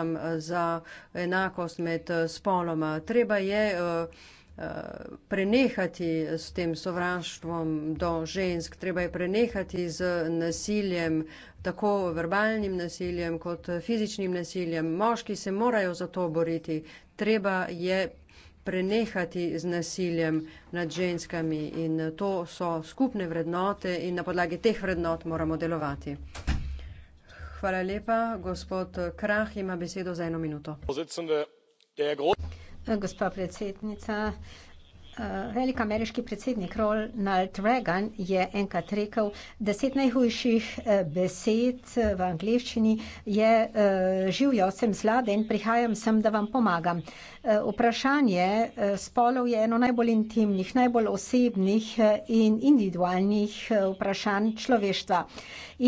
Eh, za enakost med eh, spoloma. Treba je eh, prenehati s tem sovraštvom do žensk, treba je prenehati z nasiljem, tako verbalnim nasiljem kot fizičnim nasiljem. Moški se morajo za to boriti. Treba je prenehati z nasiljem nad ženskami in to so skupne vrednote in na podlagi teh vrednot moramo delovati. Hvala lepa. Gospod Krah ima besedo za eno minuto. Gospa predsednica, Eh, velik ameriški predsednik Ronald Reagan je enkrat rekel, deset najhujših eh, besed eh, v angliščini je živjo sem zlade in prihajam sem, da vam pomagam. Vprašanje spolov je eno najbolj intimnih, najbolj osebnih in individualnih vprašanj človeštva.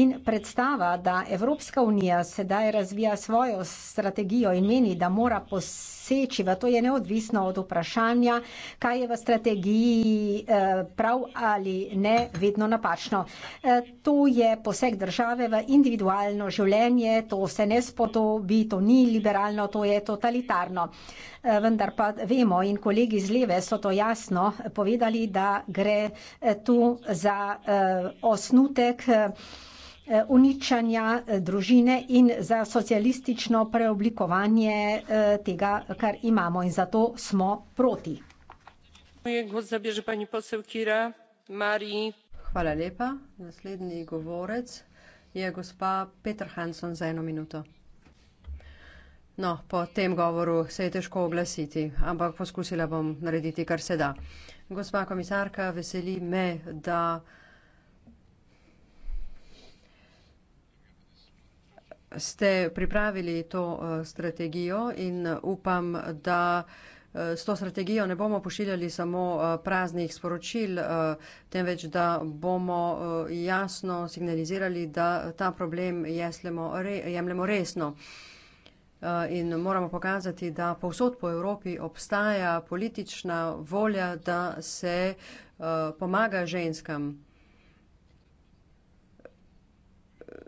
In predstava, da Evropska unija sedaj razvija svojo strategijo in meni, da mora poseči v to, je neodvisno od vprašanja, kaj je v v strategiji eh, prav ali ne vedno napačno. Eh, to je poseg države v individualno življenje, to se ne spodobi, to ni liberalno, to je totalitarno. Eh, vendar pa vemo in kolegi z leve so to jasno povedali, da gre tu za osnutek uničanja družine in za socialistično preoblikovanje tega, kar imamo in zato smo proti hvala lepa naslednji govorec je gospa peterhanson za eno minuto no po tem govoru se je težko oglasiti ampak poskusila bom narediti kar se da gospa komisarka veseli me da ste pripravili to eh, strategijo in upam da Eh, s to strategijo ne bomo pošiljali samo eh, praznih sporočil, eh, temveč da bomo jasno signalizirali, da ta problem jemljemo resno. In moramo pokazati, da povsod po Evropi obstaja politična volja, da se pomaga ženskam.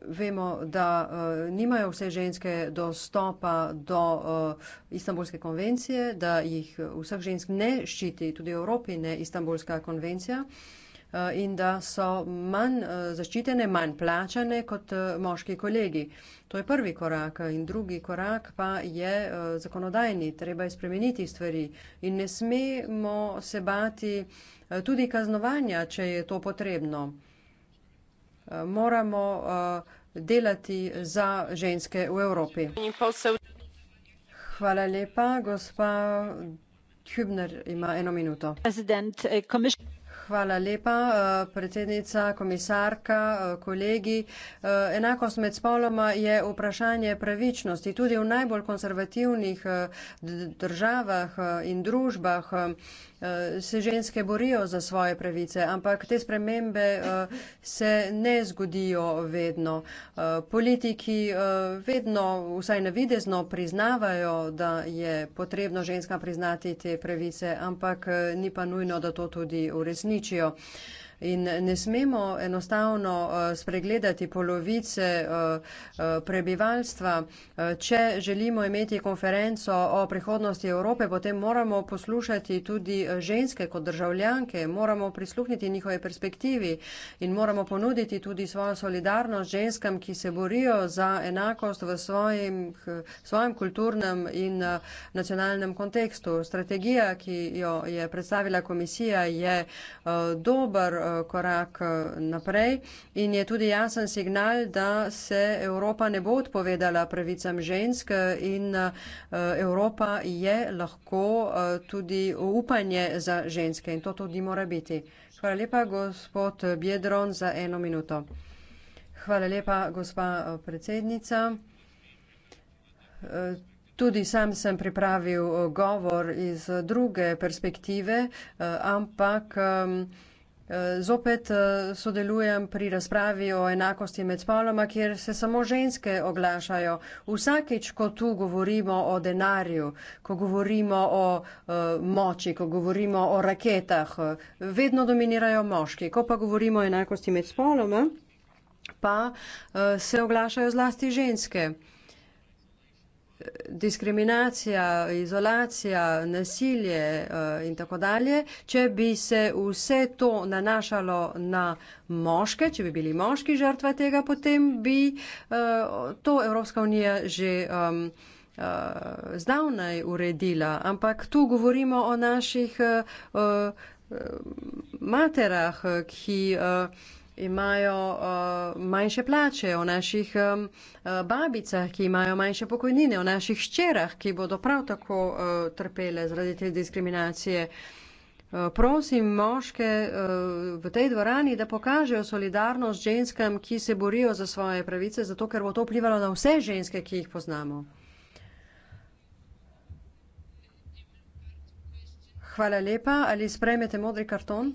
vemo, da uh, nimajo vse ženske dostopa do uh, Istanbulske konvencije, da jih eh, vseh žensk ne ščiti, tudi v Evropi ne Istanbulska konvencija uh, in da so manj uh, zaščitene, manj plačane kot uh, moški kolegi. To je prvi korak in drugi korak pa je uh, zakonodajni. Treba je spremeniti stvari in ne smemo se bati uh, tudi kaznovanja, če je to potrebno moramo eh, delati za ženske v Evropi. Hvala lepa, gospa Hübner ima eno minuto. Eh, Hvala lepa, eh, predsednica, komisarka, kolegi. Enakost med spoloma je vprašanje pravičnosti. Tudi v najbolj konservativnih državah in družbah Eh, se ženske borijo za svoje pravice, ampak te spremembe eh, se ne zgodijo vedno. Eh, politiki vedno, vsaj navidezno, priznavajo, da je potrebno ženska priznati te pravice, ampak ni pa nujno, da to tudi uresničijo. In ne smemo enostavno eh, spregledati polovice eh, eh, prebivalstva. Če želimo imeti konferenco o prihodnosti Evrope, potem moramo poslušati tudi ženske kot državljanke, moramo prisluhniti njihove perspektivi in moramo ponuditi tudi svojo solidarnost ženskam, ki se borijo za enakost v svojim, svojem kulturnem in nacionalnem kontekstu. Strategija, ki jo je predstavila komisija, je dober Eh, korak eh, naprej in je tudi jasen signal, da se Evropa ne bo odpovedala pravicam žensk in eh, Evropa je lahko tudi upanje za ženske in to tudi mora biti. Hvala lepa, gospod Bjedron, za eno minuto. Hvala lepa, gospa predsednica. Tudi sam sem pripravil govor iz druge perspektive, ampak. Zopet eh, sodelujem pri razpravi o enakosti med spoloma, kjer se samo ženske oglašajo. Vsakeč, ko tu govorimo o denarju, ko govorimo o eh, moči, ko govorimo o raketah, vedno dominirajo moški. Ko pa govorimo o enakosti med spoloma, pa eh, se oglašajo zlasti ženske diskriminacija, izolacija, nasilje eh, in tako dalje, če bi se vse to nanašalo na moške, če bi bili moški žrtva tega, potem bi eh, to Evropska unija že eh, zdavnaj uredila. Ampak tu govorimo o naših materah, ki imajo uh, manjše plače, o naših um, uh, babicah, ki imajo manjše pokojnine, o naših ščerah, ki bodo prav tako uh, trpele zaradi te diskriminacije. Prosim moške v tej dvorani, da pokažejo solidarnost ženskam, ki se borijo za svoje pravice, zato ker bo to vplivalo na vse ženske, ki jih poznamo. Hvala lepa. Ali sprejmete modri karton?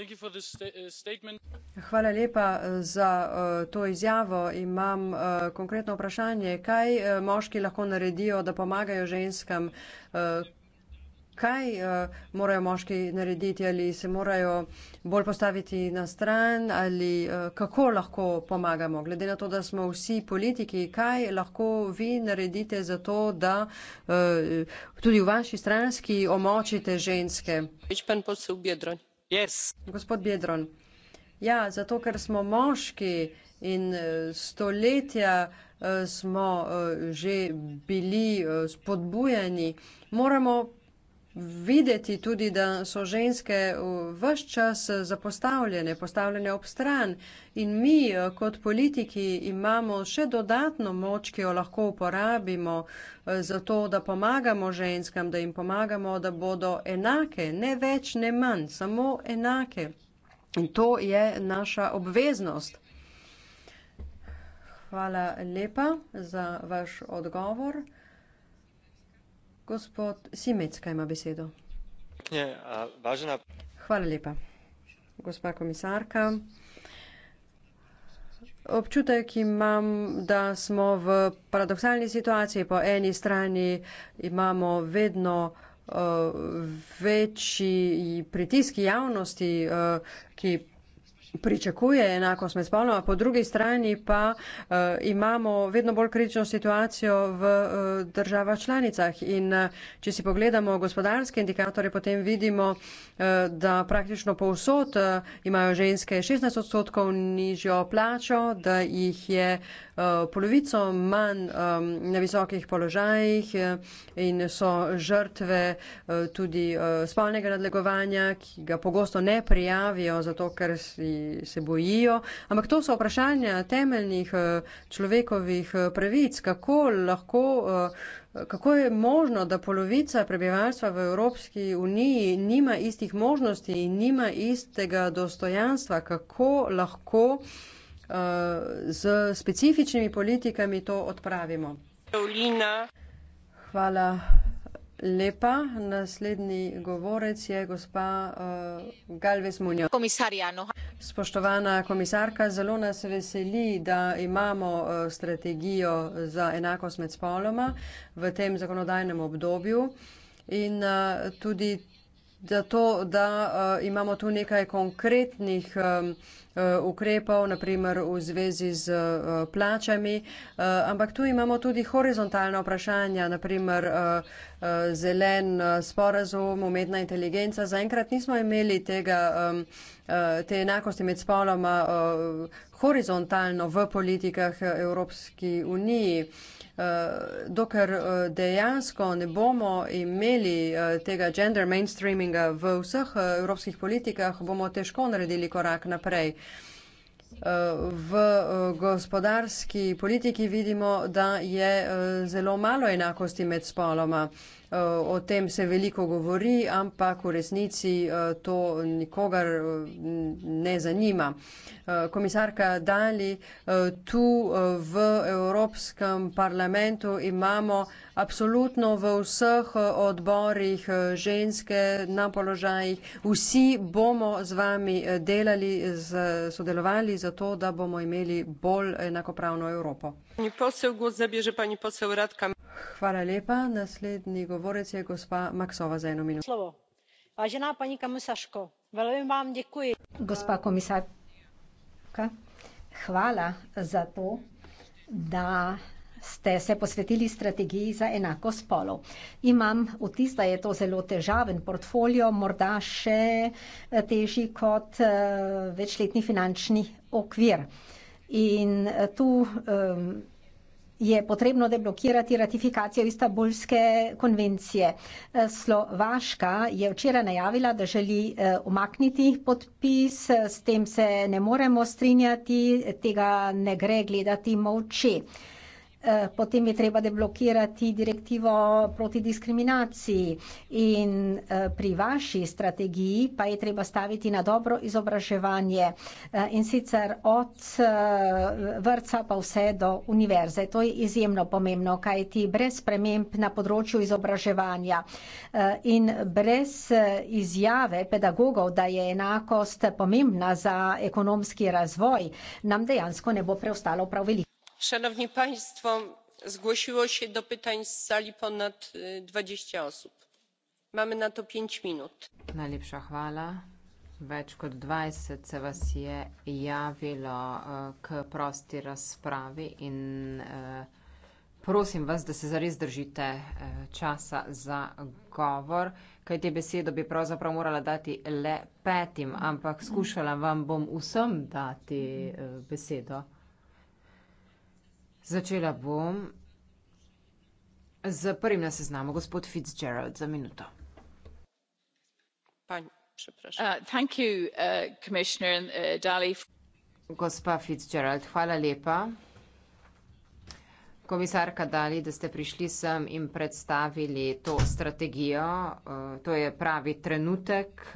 Uh, Hvala lepa uh, za uh, to izjavo. Imam konkretno vprašanje. Kaj moški lahko naredijo, da pomagajo ženskam? Kaj morajo moški narediti? Ali se morajo bolj postaviti na stran? Ali kako lahko pomagamo? Glede na to, da smo vsi politiki, kaj lahko vi naredite za to, da tudi v vaši stranski omočite ženske? Ječpen posel v Bjedronj. Yes. Gospod Bedron, ja, zato ker smo moški in eh, stoletja eh, smo eh, že bili spodbujeni, moramo videti tudi, da so ženske uh, vse čas uh, zapostavljene, postavljene ob stran in mi uh, kot politiki imamo še dodatno moč, ki jo lahko uporabimo za to, da pomagamo ženskam, da jim pomagamo, da bodo enake, ne več, ne manj, samo enake. In to je naša obveznost. Hvala lepa za vaš odgovor. Hvala lepa. Gospa komisarka, občutek imam, da smo v paradoksalni situaciji. Po eni strani imamo vedno uh, večji pritisk javnosti, uh, ki pričakuje enakost med spolno, a po drugi strani pa uh, imamo vedno bolj kritično situacijo v uh, državah članicah. In uh, če si pogledamo gospodarske indikatore, potem vidimo, uh, da praktično povsod uh, imajo ženske 16 odstotkov nižjo plačo, da jih je uh, polovico manj um, na visokih položajih uh, in so žrtve uh, tudi uh, spolnega nadlegovanja, ki ga pogosto ne prijavijo, zato ker si se bojijo. Ampak to so vprašanja temeljnih eh, človekovih eh, pravic, kako lahko. Eh, kako je možno, da polovica prebivalstva v Evropski uniji nima istih možnosti in nima istega dostojanstva? Kako lahko uh, z specifičnimi politikami to odpravimo? Hvala lepa. Naslednji govorec je gospa uh, Galvez Munjo. No. Spoštovana komisarka, zelo nas veseli, da imamo uh, strategijo za enakost med spoloma v tem zakonodajnem obdobju. In uh, tudi zato da uh, imamo tu nekaj konkretnih um, uh, ukrepov, naprimer v zvezi z uh, plačami, uh, ampak tu imamo tudi horizontalna vprašanja, naprimer uh, uh, zelen uh, sporazum, umetna inteligenca. Zaenkrat nismo imeli tega, um, uh, te enakosti med spoloma uh, horizontalno v politikah Evropske unije. Uh, Eh, dokler eh, dejansko ne bomo imeli eh, tega gender mainstreaminga v vseh evropskih politikah, bomo težko naredili korak naprej. V gospodarski politiki vidimo, da je zelo malo enakosti med spoloma o tem se veliko govori, ampak v resnici eh, to nikogar eh, ne zanima. Eh, komisarka Dali, tu v Evropskem parlamentu imamo absolutno v vseh odborih ženske na položajih. Vsi bomo z vami delali, sodelovali za to, da bomo imeli bolj enakopravno Evropo. Pani posel, Hvala lepa. Naslednji govorec je gospa Maksova za eno minuto. Slovo. Vážená paní komisařko, velmi vám děkuji. Gospa komisarka, hvala za to, da ste se posvetili strategiji za enako spolo. Imam vtis, da je to zelo težaven portfolio, morda še težji kot eh, večletni finančni okvir. In eh, tu um, je potrebno deblokirati ratifikacijo Istanbulske konvencije. Eh, Slovaška je včeraj najavila, da želi eh, umakniti podpis, s tem se ne moremo strinjati, tega ne gre gledati molče. Eh, potem je treba deblokirati direktivo proti diskriminaciji in eh, pri vaši strategiji pa je treba staviti na dobro izobraževanje eh, in sicer od vrca pa vse do univerze. To je izjemno pomembno, kajti brez sprememb na področju izobraževanja in brez izjave pedagogov, da je enakost pomembna za ekonomski razvoj, nam dejansko ne bo preostalo prav veliko szanowni państwo! zgłosiło się do pytań z sali ponad dwadzieścia osób. mamy na to pięć minut. najlepsza chwała. Več kot 20 se vas je javilo e, k prosti razpravi in e, prosim vas, da se zares držite e, časa za govor, kaj te besedo bi pravzaprav morala dati le petim, ampak skušala vam bom vsem dati besedo. Začela bom z prvim na seznamu, gospod Fitzgerald, za minuto. Uh, uh, uh, Gospa Fitzgerald, hvala lepa. Komisarka Dali, da ste prišli sem in predstavili to strategijo. To je pravi trenutek.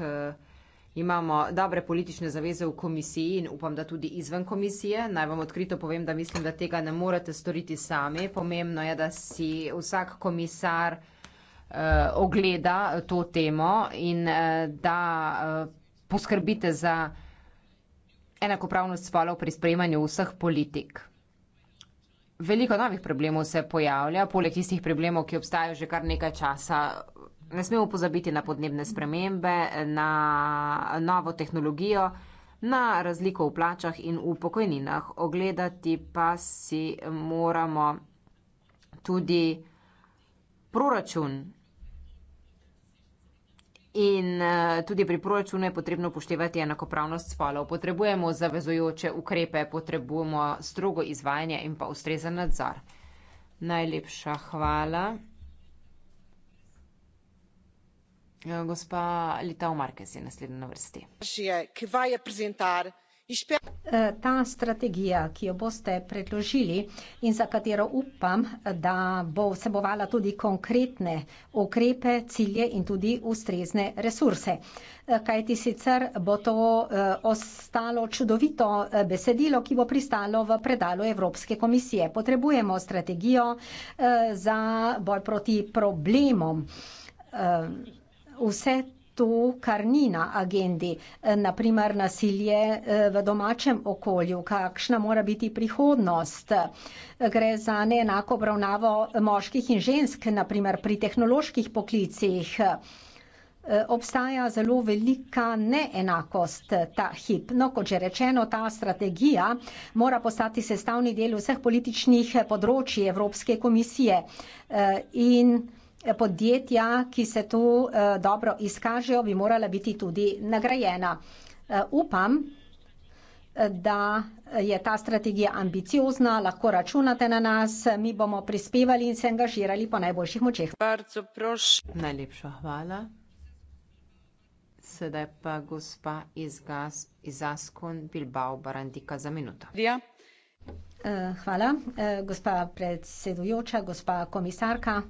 Imamo dobre politične zaveze v komisiji in upam, da tudi izven komisije. Naj vam odkrito povem, da mislim, da tega ne morete storiti sami. Pomembno je, da si vsak komisar eh, ogleda to temo in eh, da eh, poskrbite za enakopravnost spolov pri sprejemanju vseh politik. Veliko novih problemov se pojavlja, poleg tistih problemov, ki obstajajo že kar nekaj časa Ne smemo pozabiti na podnebne spremembe, na novo tehnologijo, na razliko v plačah in v pokojninah. Ogledati pa si moramo tudi proračun. In eh, tudi pri proračunu je potrebno upoštevati enakopravnost spolov. Potrebujemo zavezujoče ukrepe, potrebujemo strogo izvajanje in pa ustrezen nadzor. Najlepša hvala. Eh, gospa Letao Marquez je naslednja na vrsti. Eh, ta strategija, ki jo boste predložili in za katero upam, da bo vsebovala tudi konkretne ukrepe, cilje in tudi ustrezne resurse. Eh, Kaj ti sicer bo to ostalo čudovito besedilo, ki bo pristalo v predalu Evropske komisije. Potrebujemo strategijo za boj proti problemom vse to, kar ni na agendi, e, naprimer nasilje e, v domačem okolju, kakšna mora biti prihodnost. E, gre za neenako obravnavo moških in žensk, naprimer pri tehnoloških poklicih. Obstaja zelo velika neenakost ta hip. No, kot že rečeno, ta strategija mora postati sestavni del vseh političnih področji Evropske komisije. In podjetja, ki se tu eh, dobro izkažejo, bi morala biti tudi nagrajena. Eh, upam, eh, da je ta strategija ambiciozna, lahko računate na nas, mi bomo prispevali in se angažirali po najboljših močeh. Najlepša hvala. Sedaj pa gospa iz, Gaz, iz Askon Bilbao Barandika za minuto. Ja. Hvala, gospa predsedujoča, gospa komisarka.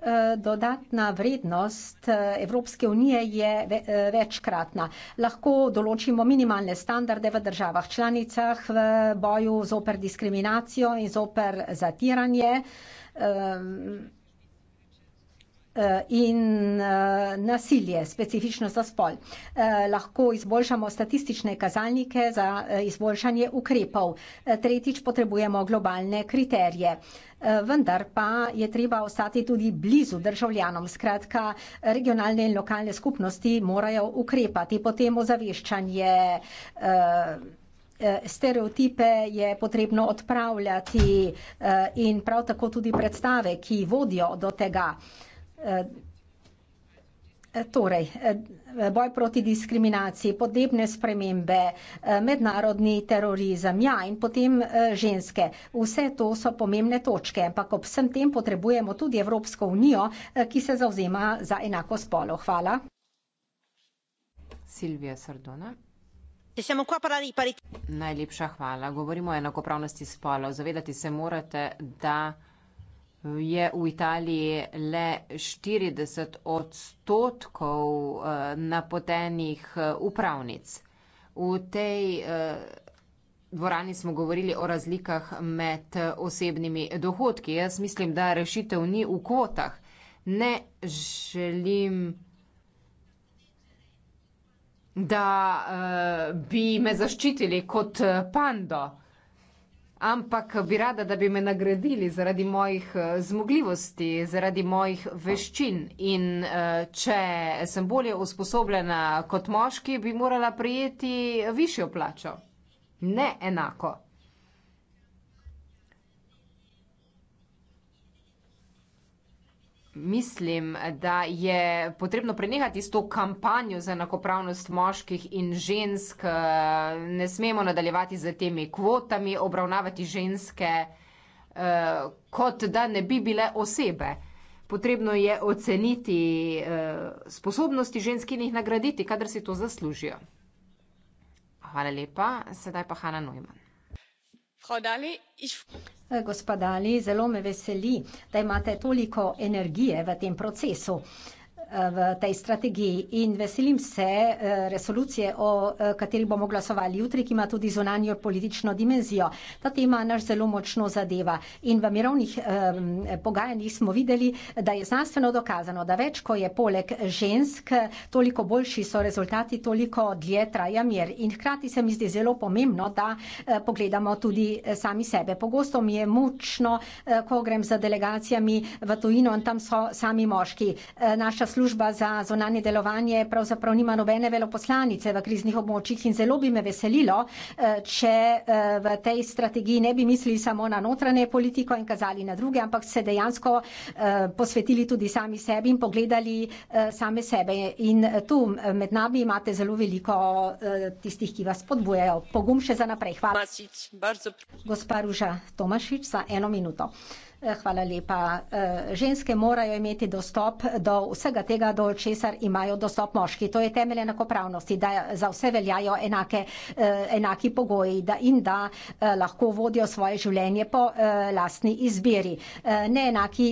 Eh, dodatna vrednost eh, Evropske unije je eh, večkratna. Lahko določimo minimalne standarde v državah članicah v boju zoper diskriminacijo in zoper zatiranje. Eh, in eh, nasilje, specifično za spol. Eh, lahko izboljšamo statistične kazalnike za izboljšanje ukrepov. Tretjič potrebujemo globalne kriterije. Vendar pa je treba ostati tudi blizu državljanom. Skratka, regionalne in lokalne skupnosti morajo ukrepati. Potem ozaveščanje stereotipe je potrebno odpravljati in prav tako tudi predstave, ki vodijo do tega. Eh, torej, eh, boj proti diskriminaciji, podnebne spremembe, eh, mednarodni terorizem, ja, in potem ženske. Vse to so pomembne točke, ampak ob vsem tem potrebujemo tudi Evropsko unijo, ki se zauzema za enako spolo. Hvala. Silvija Sardona. Najlepša hvala. Govorimo o enakopravnosti spolov. Zavedati se morate, da je v Italiji le 40 odstotkov eh, napotenih eh, upravnic. V tej eh, dvorani smo govorili o razlikah med osebnimi dohodki. Jaz mislim, da rešitev ni v kvotah. Ne želim, da bi me zaščitili kot pando ampak bi rada, da bi me nagradili zaradi mojih eh, zmogljivosti, zaradi mojih veščin. In eh, če sem bolje usposobljena kot moški, bi morala prijeti višjo plačo. Ne enako. mislim, da je potrebno prenehati s to kampanjo za enakopravnost moških in žensk. Ne smemo nadaljevati z temi kvotami, obravnavati ženske eh, kot da ne bi bile osebe. Potrebno je oceniti eh, sposobnosti žensk in jih nagraditi, kadar si to zaslužijo. Hvala lepa. Sedaj pa Hanna Neumann. Frau Dali, ich. Gospodali, zelo me veseli, da imate toliko energije v tem procesu v tej strategiji in veselim se eh, resolucije, o eh, kateri bomo glasovali jutri, ki ima tudi zunanjo politično dimenzijo. Ta tema naš zelo močno zadeva in v mirovnih eh, pogajanjih smo videli, da je znanstveno dokazano, da več, ko je poleg žensk, toliko boljši so rezultati, toliko dlje traja mir. In hkrati se mi zdi zelo pomembno, da pogledamo tudi sami sebe. Pogosto mi je mučno, ko grem z delegacijami v tujino in tam so sami moški. Naša služba za zonanje delovanje pravzaprav nima nobene veloposlanice v kriznih območjih in zelo bi me veselilo, eh, če eh, v tej strategiji ne bi mislili samo na notranje politiko in kazali na druge, ampak se dejansko eh, posvetili tudi sami sebi in pogledali same sebe. In tu med nami imate zelo veliko tistih, ki vas podbujajo. Pogum še za naprej. Hvala. Gospa Ruža Tomašič, za eno minuto. Eh, hvala lepa. Eh, ženske morajo imeti dostop do vsega tega, do česar imajo dostop moški. To je temelj enakopravnosti, da za vse veljajo enake, eh, enaki pogoji da in da lahko vodijo svoje življenje po lastni izbiri. Neenaki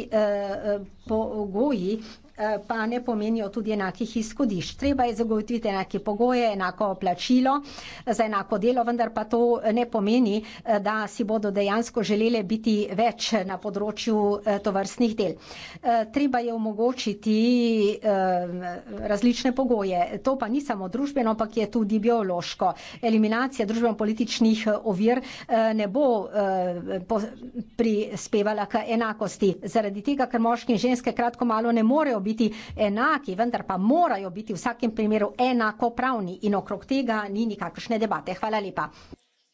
pogoji Eh, pa ne pomenijo tudi enakih izhodišč. Treba je zagotoviti enake pogoje, enako plačilo eh, za enako delo, vendar pa to ne pomeni, eh, da si bodo dejansko želele biti več na področju tovrstnih del. Treba je omogočiti različne pogoje. To pa ni samo družbeno, ampak je tudi biološko. Eliminacija družbeno-političnih ovir ne bo prispevala k enakosti. Zaradi tega, ker moški in ženske kratko malo ne morejo biti enaki, vendar pa morajo biti v vsakem primeru enakopravni in okrog tega ni nikakršne debate. Hvala lepa.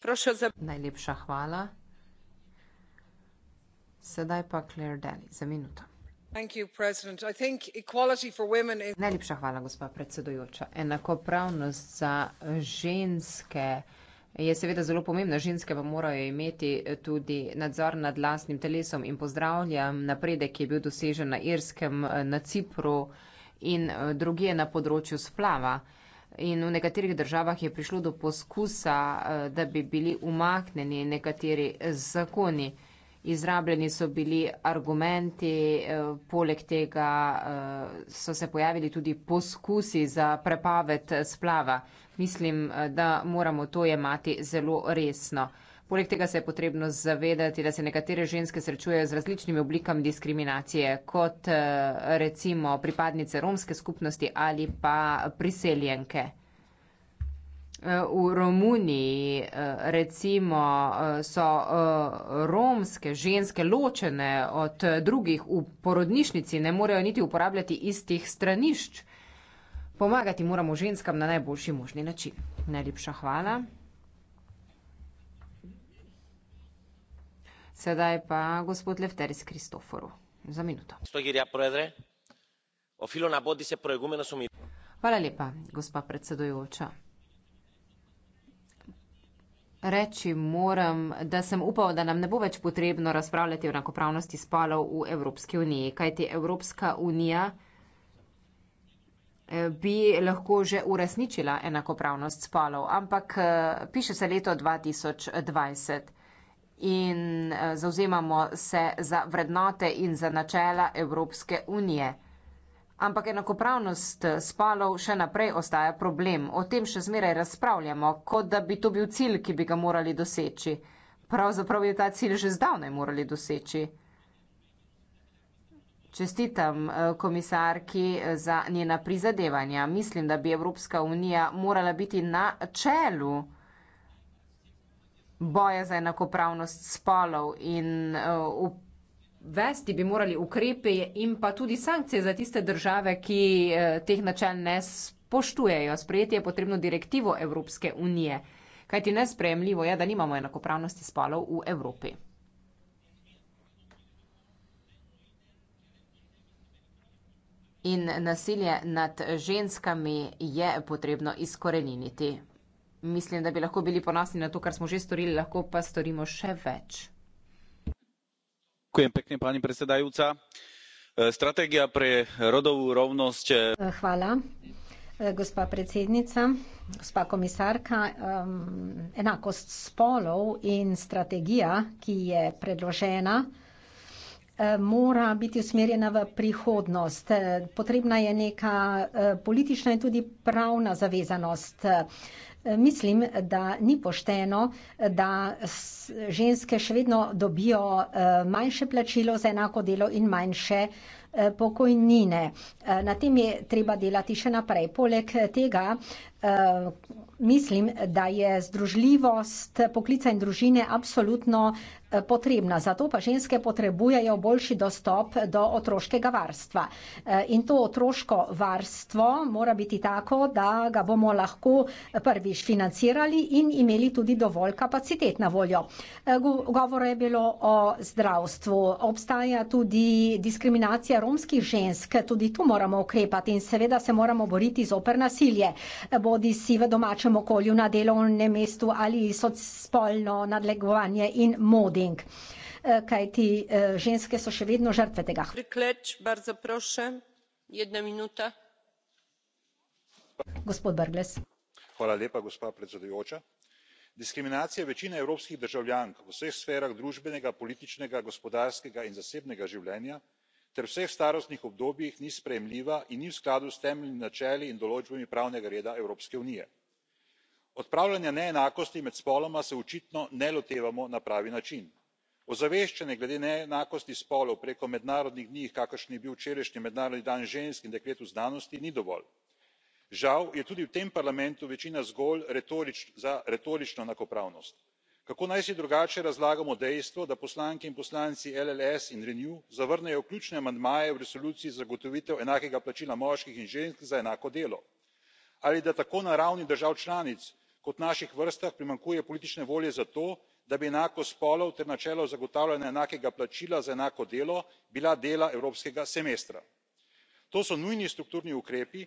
Prošel za... Najlepša hvala. Sedaj pa Claire Daly za minuto. Thank you, President. I think equality for women is... Najlepša hvala, gospa predsedujoča. Enakopravnost za ženske... Je seveda zelo pomembno, ženske pa morajo imeti tudi nadzor nad lastnim telesom in pozdravljam napredek, ki je bil dosežen na Irskem, na Cipru in eh, druge na področju splava. In v nekaterih državah je prišlo do poskusa, eh, da bi bili umaknjeni nekateri zakoni. Izrabljeni so bili argumenti, eh, poleg tega so se pojavili tudi poskusi za prepaved splava mislim, eh, da moramo to jemati zelo resno. Poleg tega se je potrebno zavedati, da se nekatere ženske srečujejo z različnimi oblikami diskriminacije, kot eh, recimo pripadnice romske skupnosti ali pa priseljenke. Eh, v Romuniji recimo so romske ženske ločene od drugih v porodnišnici, ne morejo niti uporabljati istih stranišč. Pomagati moramo ženskam na najboljši možni način. Najlepša hvala. Sedaj pa gospod Lefteris Kristoforu za minuto. Hvala lepa, gospa predsedujoča. Reči moram, da sem upal, da nam ne bo več potrebno razpravljati o enakopravnosti spolov v Evropski uniji, kajti Evropska unija bi lahko že uresničila enakopravnost spolov, ampak eh, piše se leto 2020 in eh, zauzemamo se za vrednote in za načela Evropske unije. Ampak enakopravnost eh, spolov še naprej ostaja problem. O tem še zmeraj razpravljamo, kot da bi to bil cilj, ki bi ga morali doseči. Pravzaprav je ta cilj že zdavnaj morali doseči. Čestitam eh, komisarki eh, za njena prizadevanja. Mislim, da bi Evropska unija morala biti na čelu boja za enakopravnost spolov in eh, uvesti bi morali ukrepe in pa tudi sankcije za tiste države, ki teh načel ne spoštujejo. Sprejeti je potrebno direktivo Evropske unije, kajti nesprejemljivo je, da nimamo enakopravnosti spolov v Evropi. in nasilje nad ženskami je potrebno izkoreniniti. Mislim, da bi lahko bili ponosni na to, kar smo že storili, lahko pa storimo še več. Kujem pekne, pani predsedajuca. E, strategija pre rodovu rovnost. E, e, hvala, gospa predsednica, gospa komisarka. Enakost spolov in strategija, ki je predložena, Eh, mora biti usmerjena v prihodnost. Eh, potrebna je neka eh, politična in tudi pravna zavezanost. Mislim, da ni pošteno, da ženske še vedno dobijo manjše plačilo za enako delo in manjše pokojnine. Na tem je treba delati še naprej. Poleg tega Eh, mislim, da je združljivost poklica in družine apsolutno eh, potrebna. Zato pa ženske potrebujejo boljši dostop do otroškega varstva. Eh, in to otroško varstvo mora biti tako, da ga bomo lahko prvič financirali in imeli tudi dovolj kapacitet na voljo. Govor je bilo o zdravstvu. Obstaja tudi diskriminacija romskih žensk. Tudi tu moramo ukrepati in seveda se moramo boriti z opr nasilje. Bo bodi si v domačem okolju, na delovnem mestu ali spolno nadlegovanje in moding. Eh, Kaj ti eh, ženske so še vedno žrtve tega? Priklet, bardzo proszę, jedna minuta. Gospod Brgles. Hvala lepa, gospa predsedujoča. Diskriminacija večine evropskih državljank v vseh sferah družbenega, političnega, gospodarskega in zasebnega življenja ter v vseh starostnih obdobjih ni sprejemljiva in ni v skladu s temeljnimi načeli in določbami pravnega reda evropske unije. odpravljanja neenakosti med spoloma se očitno ne lotevamo na pravi način. ozaveščanje glede neenakosti spolov preko mednarodnih dni kakršen je bil včerajšnji mednarodni dan žensk in deklet v znanosti ni dovolj. žal je tudi v tem parlamentu večina zgolj retorična enakopravnost kako naj si drugače razlagamo dejstvo da poslanke in poslanci lls in renew zavrnejo ključne amandmaje v resoluciji za zagotovitev enakega plačila moških in žensk za enako delo ali da tako na ravni držav članic kot v naših vrstah primanjkuje politične volje za to da bi enakost spolov ter načelo zagotavljanja enakega plačila za enako delo bila dela evropskega semestra. to so nujni strukturni ukrepi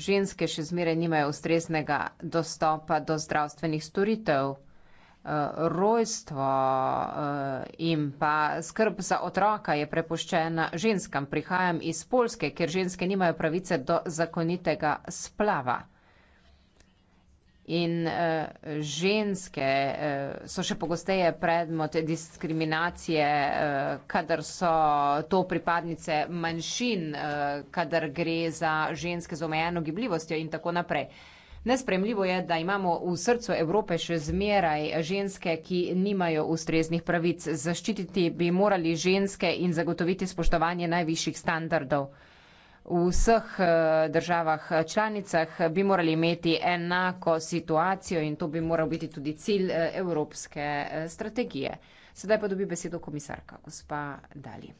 ženske še zmeraj nimajo ustreznega dostopa do zdravstvenih storitev. Eh, rojstvo eh, in pa skrb za otroka je prepuščena ženskam. Prihajam iz Polske, kjer ženske nimajo pravice do zakonitega splava. In uh, ženske uh, so še pogosteje predmet diskriminacije, uh, kadar so to pripadnice manjšin, uh, kadar gre za ženske z omejeno gibljivostjo in tako naprej. Nespremljivo je, da imamo v srcu Evrope še zmeraj ženske, ki nimajo ustreznih pravic. Zaščititi bi morali ženske in zagotoviti spoštovanje najvišjih standardov v vseh eh, državah eh, članicah eh, bi morali imeti enako situacijo in to bi moral biti tudi cilj evropske strategije. Sedaj pa dobi besedo komisarka, gospa Dali.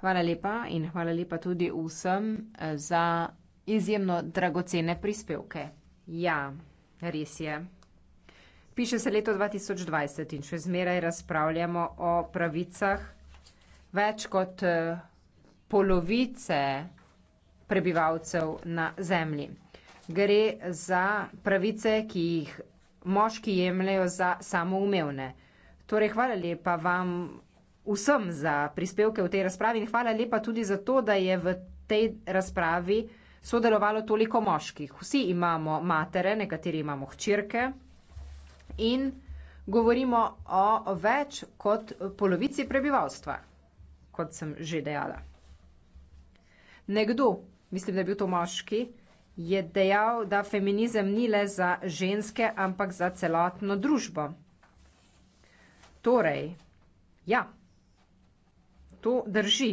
Hvala lepa in hvala lepa tudi vsem za izjemno dragocene prispevke. Ja, res je. Piše se leto 2020 in še zmeraj razpravljamo o pravicah več kot polovice prebivalcev na zemlji. Gre za pravice, ki jih moški jemljajo za samoumevne. Torej, hvala lepa vam vsem za prispevke v tej razpravi in hvala lepa tudi za to, da je v tej razpravi sodelovalo toliko moških. Vsi imamo matere, nekateri imamo hčirke in govorimo o več kot polovici prebivalstva, kot sem že dejala nekdo, mislim, da je bil to moški, je dejal, da feminizem ni le za ženske, ampak za celotno družbo. Torej, ja, to drži.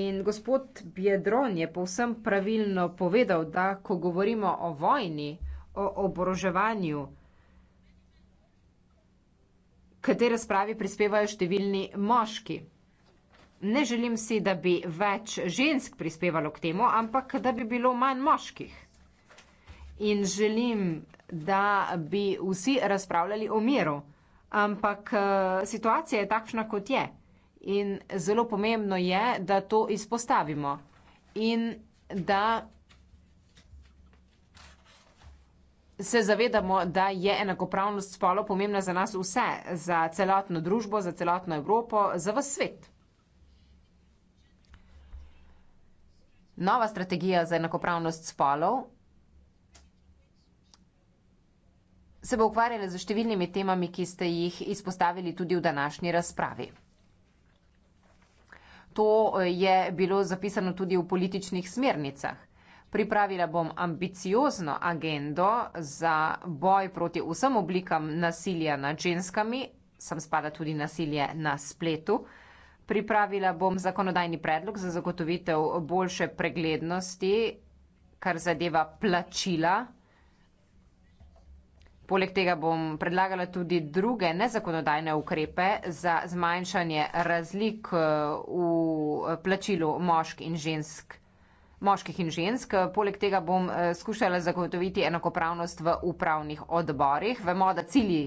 In gospod Biedron je povsem pravilno povedal, da ko govorimo o vojni, o oboroževanju, katere spravi prispevajo številni moški ne želim si, da bi več žensk prispevalo k temu, ampak da bi bilo manj moških. In želim, da bi vsi razpravljali o miru. Ampak eh, situacija je takšna, kot je. In zelo pomembno je, da to izpostavimo. In da se zavedamo, da je enakopravnost spolo pomembna za nas vse, za celotno družbo, za celotno Evropo, za vse svet. nova strategija za enakopravnost spolov se bo ukvarjala z številnimi temami, ki ste jih izpostavili tudi v današnji razpravi. To eh, je bilo zapisano tudi v političnih smernicah. Pripravila bom ambiciozno agendo za boj proti vsem oblikam nasilja nad ženskami, sem spada tudi nasilje na spletu, Pripravila bom zakonodajni predlog za zagotovitev boljše preglednosti, kar zadeva plačila. Poleg tega bom predlagala tudi druge nezakonodajne ukrepe za zmanjšanje razlik eh, v plačilu mošk in žensk. Moških in žensk. Poleg tega bom eh, skušala zagotoviti enakopravnost v upravnih odborih. Vemo, da cilji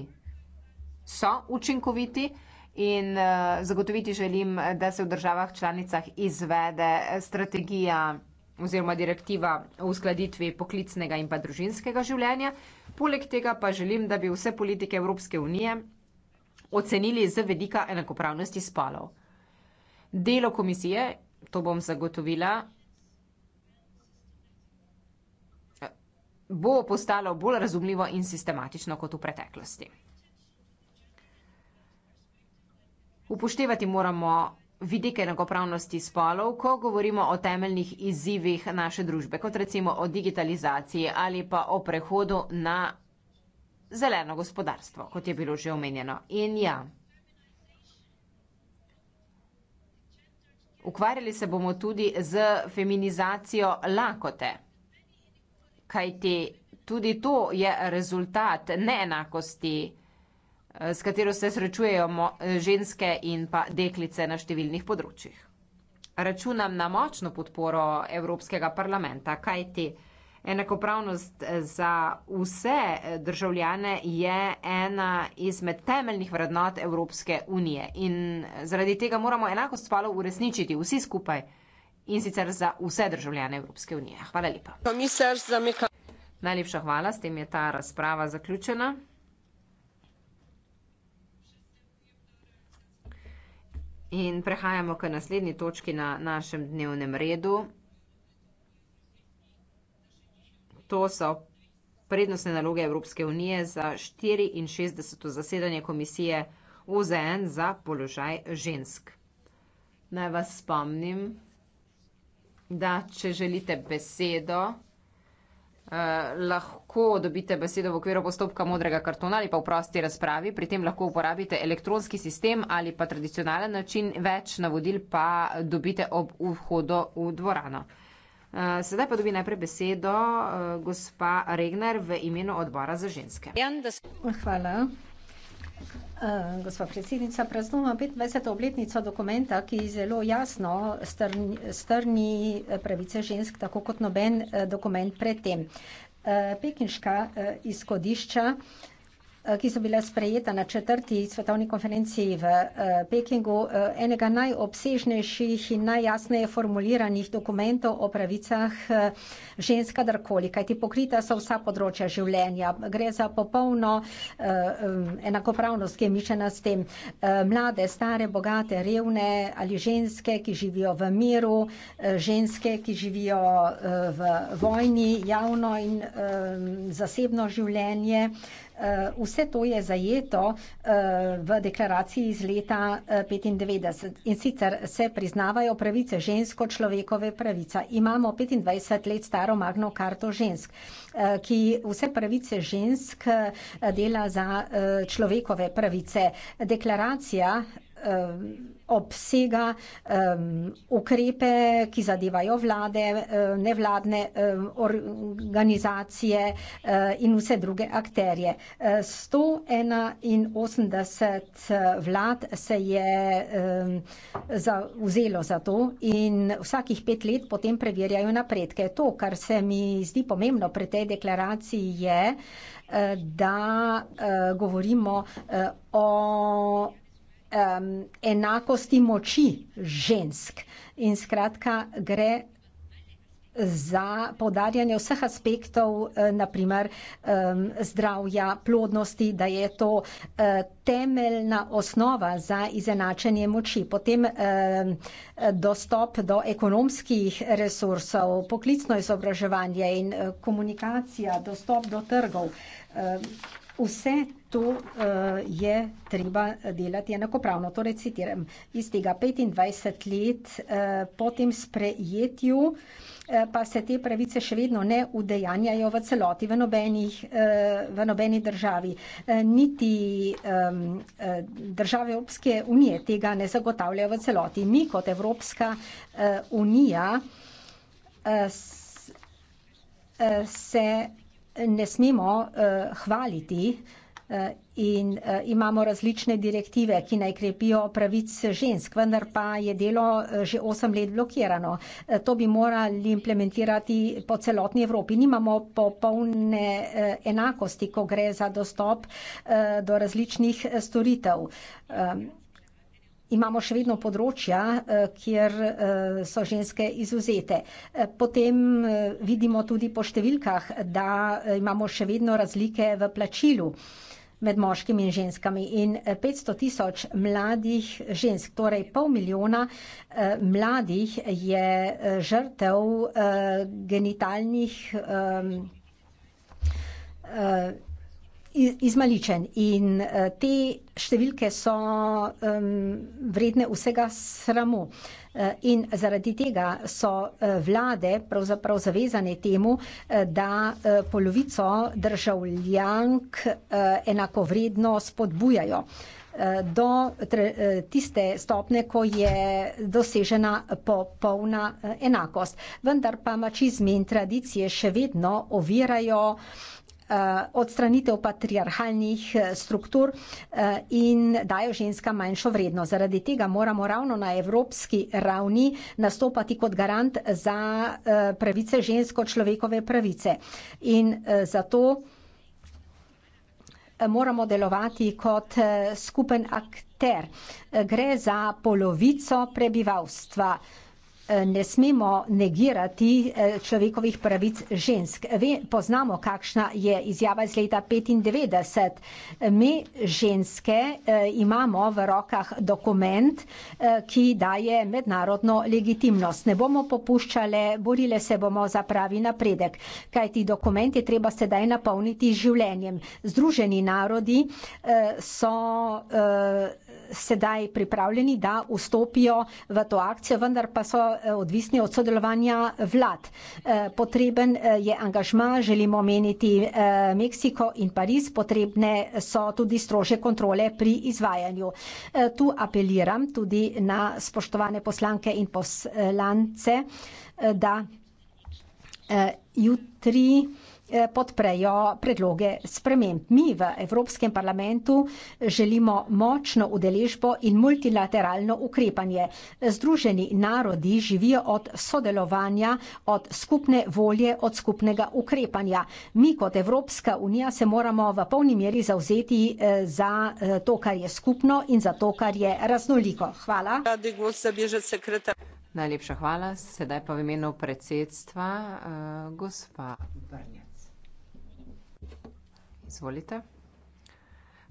so učinkoviti in eh, zagotoviti želim, da se v državah članicah izvede strategija oziroma direktiva o uskladitvi poklicnega in pa družinskega življenja. Poleg tega pa želim, da bi vse politike Evropske unije ocenili z vedika enakopravnosti spolov. Delo komisije, to bom zagotovila, bo postalo bolj razumljivo in sistematično kot v preteklosti. upoštevati moramo vidike enakopravnosti spolov, ko govorimo o temeljnih izzivih naše družbe, kot recimo o digitalizaciji ali pa o prehodu na zeleno gospodarstvo, kot je bilo že omenjeno. In ja, ukvarjali se bomo tudi z feminizacijo lakote, kajti tudi to je rezultat neenakosti. Eh, s katero se srečujejo ženske in pa deklice na številnih področjih. Računam na močno podporo Evropskega parlamenta, kaj ti enakopravnost eh, za vse eh, državljane je ena izmed temeljnih vrednot Evropske unije in zaradi tega moramo enako spalo uresničiti vsi skupaj in sicer za vse državljane Evropske unije. Hvala lepa. Najlepša hvala, s tem je ta razprava zaključena. In prehajamo k naslednji točki na našem dnevnem redu. To so prednostne naloge Evropske unije za 64. zasedanje komisije OZN za položaj žensk. Naj vas spomnim, da če želite besedo, Eh, lahko dobite besedo v okviru postopka modrega kartona ali pa v prosti razpravi. Pri tem lahko uporabite elektronski sistem ali pa tradicionalen način, več navodil pa dobite ob vhodu v dvorano. Eh, sedaj pa dobi najprej besedo eh, gospa Regner v imenu odbora za ženske. Hvala. Eh, Gospod predsednica, praznujemo 25. obletnico dokumenta, ki zelo jasno strni, strni eh, pravice žensk, tako kot noben eh, dokument predtem. Pekinška izhodišča Eh, ki so bila sprejeta na četrti svetovni konferenci v eh, Pekingu, eh, enega najobsežnejših in najjasneje formuliranih dokumentov o pravicah ženska drkoli, kajti pokrita so vsa področja življenja. Gre za popolno enakopravnost, ki je mišljena s tem. Mlade, stare, bogate, revne ali ženske, ki živijo v miru, ženske, ki živijo v vojni, javno in zasebno življenje. Eh, vse to je zajeto eh, v deklaraciji iz leta 1995. Eh, In sicer se priznavajo pravice žensko človekove pravica. Imamo 25 let staro magno karto žensk, ki vse pravice žensk dela za človekove pravice. Deklaracija Um, obsega um, ukrepe, ki zadevajo vlade, um, nevladne um, organizacije um, in vse druge akterje. 181 uh, uh, vlad se je um, za, vzelo za to in vsakih pet let potem preverjajo napredke. To, kar se mi zdi pomembno pri tej deklaraciji, je, da uh, govorimo uh, o um, enakosti moči žensk. In skratka, gre za podarjanje vseh aspektov, eh, naprimer um, zdravja, plodnosti, da je to eh, temeljna osnova za izenačenje moči. Potem eh, dostop do ekonomskih resursov, poklicno izobraževanje in komunikacija, dostop do trgov. Vse tu uh, je treba delati enakopravno. Torej citiram iz tega 25 let uh, po tem sprejetju eh, pa se te pravice še vedno ne udejanjajo v celoti, v, nobenih, v nobeni državi. Niti um, države Evropske unije tega ne zagotavljajo v celoti. Mi kot Evropska uh, unija uh, se ne smemo uh, hvaliti uh, Eh, in eh, imamo različne direktive, ki naj krepijo pravic žensk, vendar pa je delo eh, že 8 let blokirano. To bi morali implementirati po celotni Evropi. Nimamo popolne enakosti, ko gre za dostop do različnih storitev. Ehm, imamo še vedno področja, kjer so ženske izuzete. Potem vidimo tudi po številkah, da imamo še vedno razlike v plačilu med moškimi in ženskami. In 500 eh, tisoč mladih žensk, torej pol milijona eh, mladih je eh, žrtev eh, genitalnih eh, eh, izmaličen. In eh, te številke so eh, vredne vsega sramu. Eh, Eh, in zaradi tega so eh, vlade pravzaprav zavezane temu, eh, da polovico državljank enakovredno spodbujajo do tiste stopne, ko je dosežena popolna enakost. Vendar pa mačizmi in tradicije še vedno ovirajo Eh, odstranitev patriarhalnih eh, struktur eh, in dajo ženska manjšo vrednost. Zaradi tega moramo ravno na evropski ravni nastopati kot garant za pravice žensko človekove pravice. In zato moramo delovati kot skupen akter. Gre za polovico prebivalstva. Eh, ne smemo negirati eh, človekovih pravic žensk. Ve, poznamo, kakšna je izjava iz leta 1995. Mi ženske eh, imamo v rokah dokument, ki daje mednarodno legitimnost. Ne bomo popuščale, borile se bomo za pravi napredek, kajti dokument je treba sedaj napolniti življenjem. Združeni narodi so sedaj pripravljeni, da vstopijo v to akcijo, vendar pa so eh, odvisni od sodelovanja vlad. Eh, potreben eh, je angažma, želimo omeniti Meksiko in Pariz, potrebne so tudi strože kontrole pri izvajanju. Tu apeliram tudi na spoštovane poslanke in poslance, da jutri Eh, podprejo predloge sprememb. Mi v Evropskem parlamentu želimo močno udeležbo in multilateralno ukrepanje. Združeni narodi živijo od sodelovanja, od skupne volje, od skupnega ukrepanja. Mi kot Evropska unija se moramo v polni meri zauzeti eh, za eh, to, kar je skupno in za to, kar je raznoliko. Hvala. Najlepša hvala. Sedaj pa v imenu predsedstva uh, gospa Brnjac. Izvolite.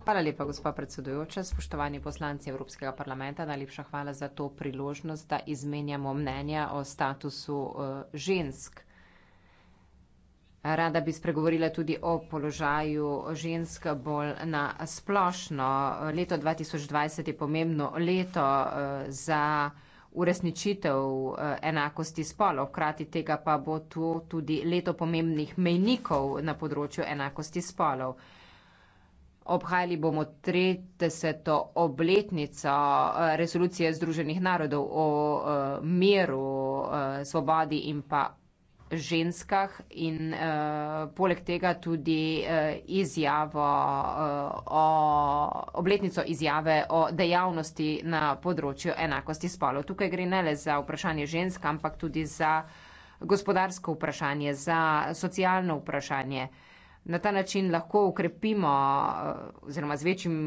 Hvala lepa, gospa predsedujoča. Spoštovani poslanci Evropskega parlamenta, najlepša hvala za to priložnost, da izmenjamo mnenja o statusu eh, žensk. Rada bi spregovorila tudi o položaju žensk bolj na splošno. Leto 2020 je pomembno leto eh, za uresničitev eh, enakosti spolov. Hkrati tega pa bo tu tudi leto pomembnih mejnikov na področju enakosti spolov. Obhajali bomo 30. obletnico eh, resolucije Združenih narodov o eh, miru, svobodi in pa ženskah in uh, poleg tega tudi uh, izjavo uh, o obletnico izjave o dejavnosti na področju enakosti spolov. Tukaj gre ne le za vprašanje žensk, ampak tudi za gospodarsko vprašanje, za socialno vprašanje. Na ta način lahko ukrepimo, oziroma z večjim,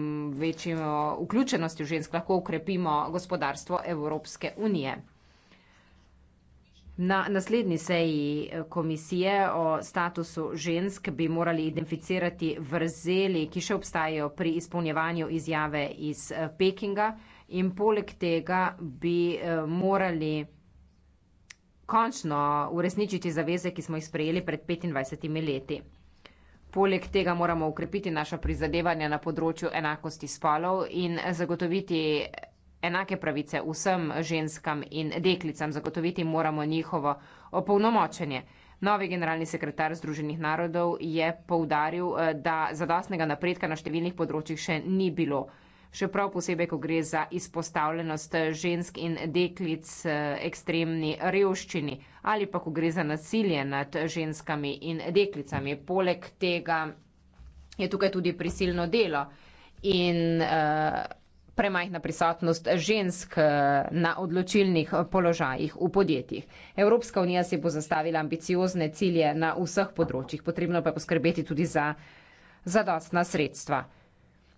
večjim vključenostjo žensk lahko ukrepimo gospodarstvo Evropske unije. Na naslednji seji eh, komisije o statusu žensk bi morali identificirati vrzeli, ki še obstajajo pri izpolnjevanju izjave iz eh, Pekinga in poleg tega bi eh, morali končno uresničiti zaveze, ki smo jih sprejeli pred 25 leti. Poleg tega moramo ukrepiti naša prizadevanja na področju enakosti spolov in zagotoviti enake pravice vsem ženskam in deklicam, zagotoviti moramo njihovo opolnomočenje. Novi generalni sekretar Združenih narodov je poudaril, eh, da zadostnega napredka na številnih področjih še ni bilo. Še prav posebej, ko gre za izpostavljenost žensk in deklic eh, ekstremni revščini ali pa ko gre za nasilje nad ženskami in deklicami. Poleg tega je tukaj tudi prisilno delo in uh, premajhna prisotnost žensk eh, na odločilnih eh, položajih v podjetjih. Evropska unija si bo zastavila ambiciozne cilje na vseh področjih, potrebno pa je poskrbeti tudi za zadostna sredstva.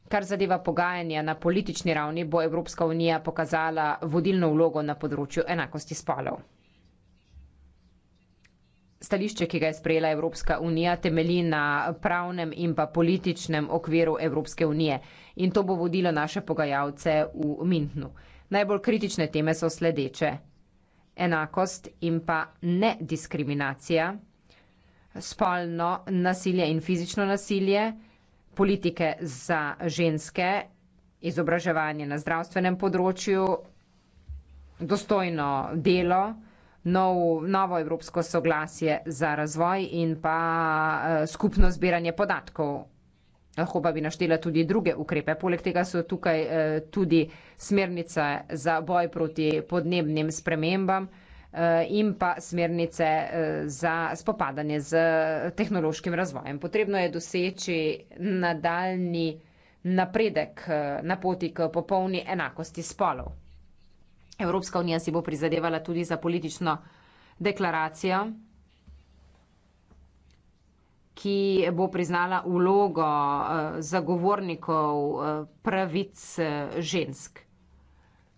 Kar zadeva pogajanja na politični ravni, bo Evropska unija pokazala vodilno vlogo na področju enakosti spolov. Stališče, ki ga je sprejela Evropska unija, temelji na pravnem in pa političnem okviru Evropske unije in to bo vodilo naše pogajalce v Mintnu. Najbolj kritične teme so sledeče. Enakost in pa nediskriminacija, spolno nasilje in fizično nasilje, politike za ženske, izobraževanje na zdravstvenem področju, dostojno delo nov, novo evropsko soglasje za razvoj in pa eh, skupno zbiranje podatkov. Lahko pa bi naštela tudi druge ukrepe. Poleg tega so tukaj eh, tudi smernice za boj proti podnebnim spremembam eh, in pa smernice za spopadanje z tehnološkim razvojem. Potrebno je doseči nadaljni napredek na poti k popolni enakosti spolov. Evropska unija si bo prizadevala tudi za politično deklaracijo, ki bo priznala ulogo eh, zagovornikov eh, pravic eh, žensk.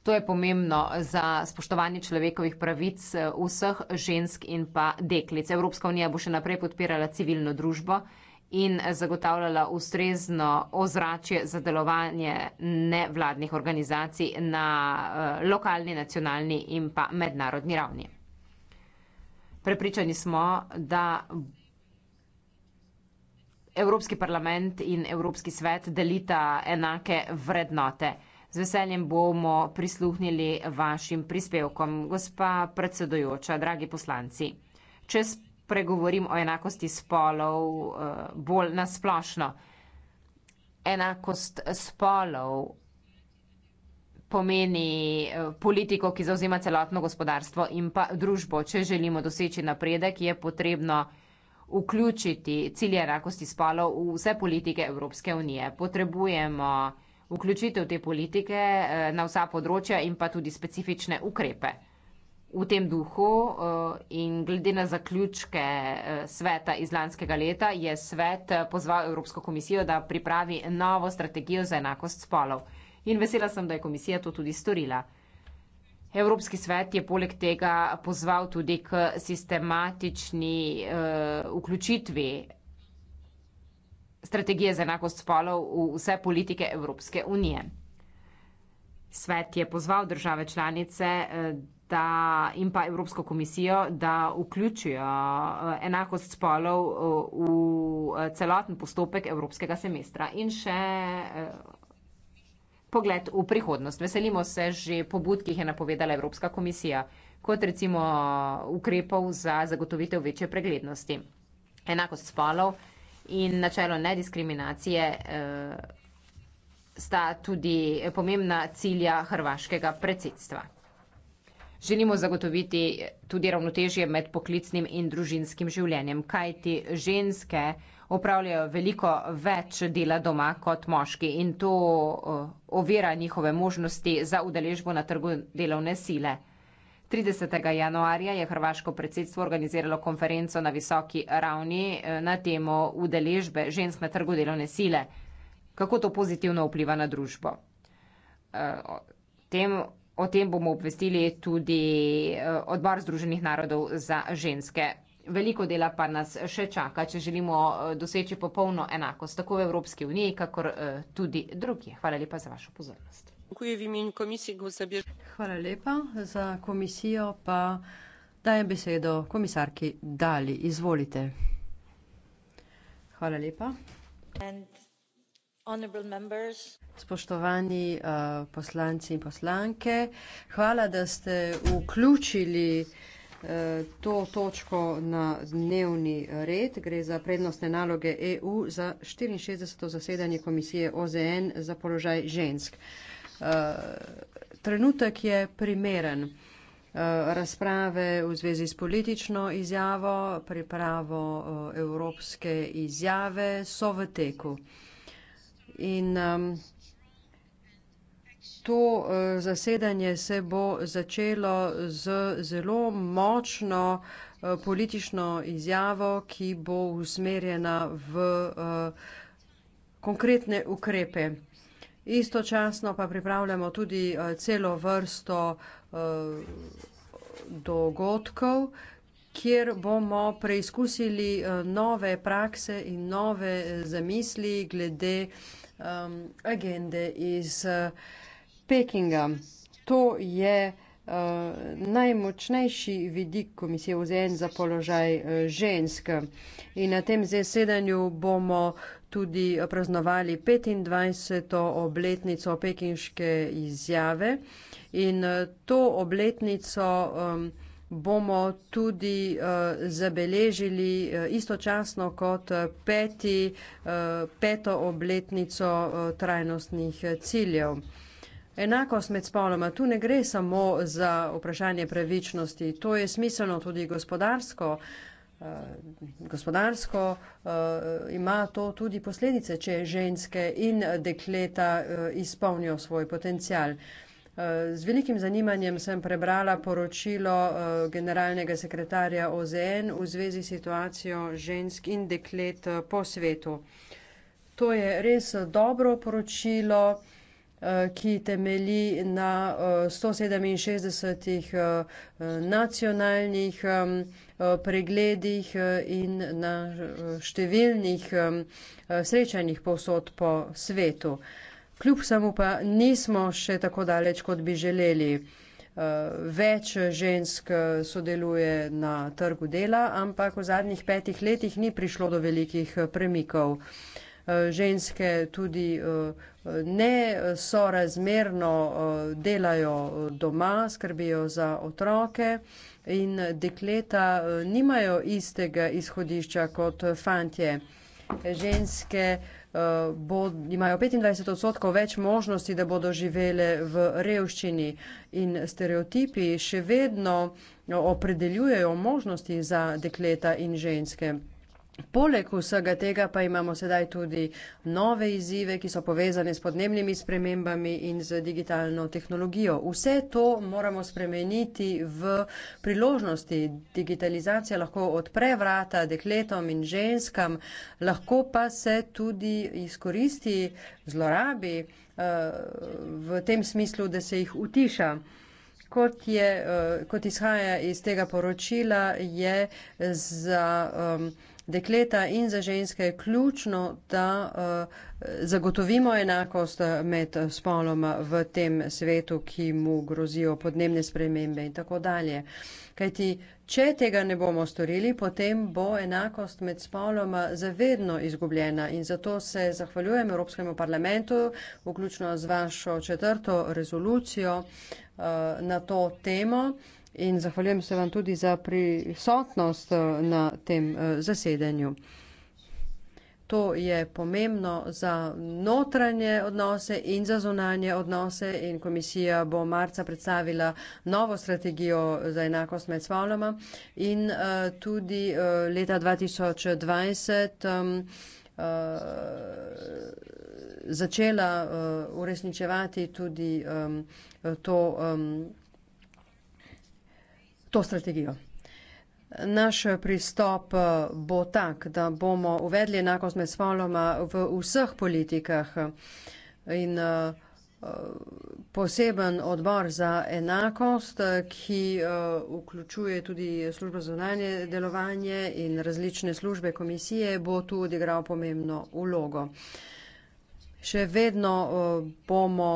To je pomembno za spoštovanje človekovih pravic vseh žensk in pa deklic. Evropska unija bo še naprej podpirala civilno družbo in zagotavljala ustrezno ozračje za delovanje nevladnih organizacij na eh, lokalni, nacionalni in pa mednarodni ravni. Prepričani smo, da Evropski parlament in Evropski svet delita enake vrednote. Z veseljem bomo prisluhnili vašim prispevkom, gospa predsedujoča, dragi poslanci. Čez pregovorim o enakosti spolov eh, bolj nasplošno. Enakost spolov pomeni eh, politiko, ki zauzima celotno gospodarstvo in pa družbo. Če želimo doseči napredek, je potrebno vključiti cilje enakosti spolov v vse politike Evropske unije. Potrebujemo vključitev te politike eh, na vsa področja in pa tudi specifične ukrepe v tem duhu eh, in glede na zaključke eh, sveta iz lanskega leta je svet eh, pozval Evropsko komisijo, da pripravi novo strategijo za enakost spolov. In vesela sem, da je komisija to tudi storila. Evropski svet je poleg tega pozval tudi k sistematični vključitvi strategije za enakost spolov v vse politike Evropske unije. Svet je pozval države članice, da, in pa Evropsko komisijo, da vključijo eh, enakost spolov eh, v eh, celoten postopek evropskega semestra. In še pogled v prihodnost. Veselimo se že pobud, ki jih je napovedala Evropska komisija, kot recimo ukrepov za zagotovitev večje preglednosti. Enakost spolov in načelo nediskriminacije sta tudi pomembna cilja hrvaškega predsedstva želimo zagotoviti tudi ravnotežje med poklicnim in družinskim življenjem, kajti ženske opravljajo veliko več dela doma kot moški in to eh, ovira njihove možnosti za udeležbo na trgu delovne sile. 30. januarja je Hrvaško predsedstvo organiziralo konferenco na visoki ravni eh, na temo udeležbe žensk na trgu delovne sile. Kako to pozitivno vpliva na družbo? Eh, tem O tem bomo obvestili tudi eh, odbor Združenih narodov za ženske. Veliko dela pa nas še čaka, če želimo eh, doseči popolno enakost tako v Evropski uniji, kakor eh, tudi drugi. Hvala lepa za vašo pozornost. Hvala lepa za komisijo, pa dajem besedo komisarki Dali. Izvolite. Hvala lepa. And... Spoštovani uh, poslanci in poslanke, hvala, da ste vključili uh, to točko na dnevni red. Gre za prednostne naloge EU za 64. zasedanje komisije OZN za položaj žensk. Uh, trenutek je primeren. Razprave v zvezi s politično izjavo, pripravo evropske izjave so v teku. In um, to uh, zasedanje se bo začelo z zelo močno uh, politično izjavo, ki bo usmerjena v uh, konkretne ukrepe. Istočasno pa pripravljamo tudi uh, celo vrsto uh, dogodkov, uh, kjer bomo preizkusili eh, nove prakse in nove eh, zamisli glede um, agende iz eh, Pekinga. To je uh, najmočnejši vidik komisije OZN za položaj žensk. In na tem zasedanju bomo tudi praznovali 25. obletnico pekinške izjave. In to obletnico um, bomo tudi uh, zabeležili uh, istočasno kot eh, peti, uh, peto obletnico uh, trajnostnih ciljev. Enakost med spoloma tu ne gre samo za vprašanje pravičnosti, to je smiselno tudi gospodarsko. Gospodarsko ima to tudi posledice, če ženske in dekleta izpolnijo svoj potencial. Eh, z velikim zanimanjem sem prebrala poročilo eh, generalnega sekretarja OZN v zvezi s situacijo žensk in deklet eh, po svetu. To je res dobro poročilo, ki temelji na 167 nacionalnih pregledih in na številnih srečanjih povsod po svetu kljub samo pa nismo še tako daleč, kot bi želeli. Eh, več žensk eh, sodeluje na trgu dela, ampak v zadnjih petih letih ni prišlo do velikih eh, premikov. Ženske tudi ne sorazmerno delajo doma, skrbijo za otroke in dekleta nimajo istega izhodišča kot fantje. Ženske uh, Eh, bo, imajo 25 odstotkov več možnosti, da bodo živele v revščini in stereotipi še vedno opredeljujejo možnosti za dekleta in ženske. Poleg vsega tega pa imamo sedaj tudi nove izzive, ki so povezane s podnebnimi spremembami in z digitalno tehnologijo. Vse to moramo spremeniti v priložnosti. Digitalizacija lahko odpre vrata dekletom in ženskam, lahko pa se tudi izkoristi, zlorabi eh, v tem smislu, da se jih utiša. Kot, je, eh, kot izhaja iz tega poročila, je za. Um, dekleta in za ženske je ključno, da eh, zagotovimo enakost eh, med spoloma v tem svetu, ki mu grozijo podnebne spremembe in tako dalje. Kajti, če tega ne bomo storili, potem bo enakost med spoloma zavedno izgubljena in zato se zahvaljujem Evropskemu parlamentu, vključno z vašo četrto rezolucijo eh, na to temo in zahvaljujem se vam tudi za prisotnost eh, na tem eh, zasedanju. To je pomembno za notranje odnose in za zunanje odnose in komisija bo marca predstavila novo strategijo za enakost med spoloma in uh, tudi uh, leta 2020 um, uh, začela uh, uresničevati tudi um, to. Um, to strategijo. Naš pristop eh, bo tak, da bomo uvedli enakost med spoloma v vseh politikah in eh, eh, poseben odbor za enakost, ki vključuje tudi službo za zunanje delovanje in različne službe komisije, bo tu odigral pomembno ulogo. Še vedno bomo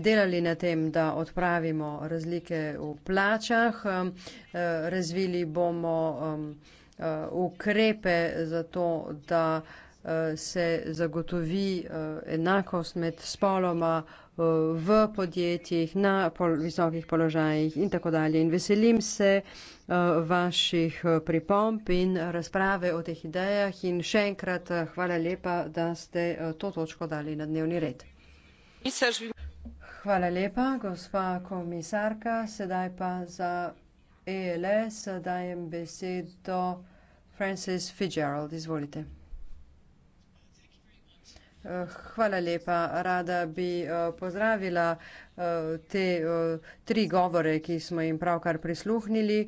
delali na tem, da odpravimo razlike v plačah. Um, eh, razvili bomo um, eh, ukrepe za to, da eh, se zagotovi enakost med spoloma v podjetjih, na visokih položajih in tako dalje. In veselim se vaših pripomp in razprave o teh idejah in še enkrat hvala lepa, da ste to točko dali na dnevni red. Hvala lepa, gospa komisarka. Sedaj pa za ELS dajem besedo Francis Fitzgerald. Izvolite. Eh, hvala lepa. Rada bi eh, pozdravila eh, te tri govore, ki smo jim pravkar prisluhnili.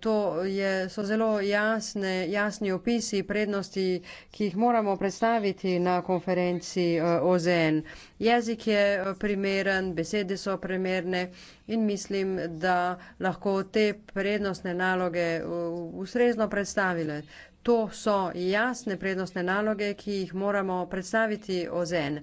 To je, so zelo jasne, jasni opisi prednosti, ki jih moramo predstaviti na konferenci OZN. Jezik je primeren, besede so primerne in mislim, da lahko te prednostne naloge ustrezno predstavile to so jasne prednostne naloge, ki jih moramo predstaviti OZN.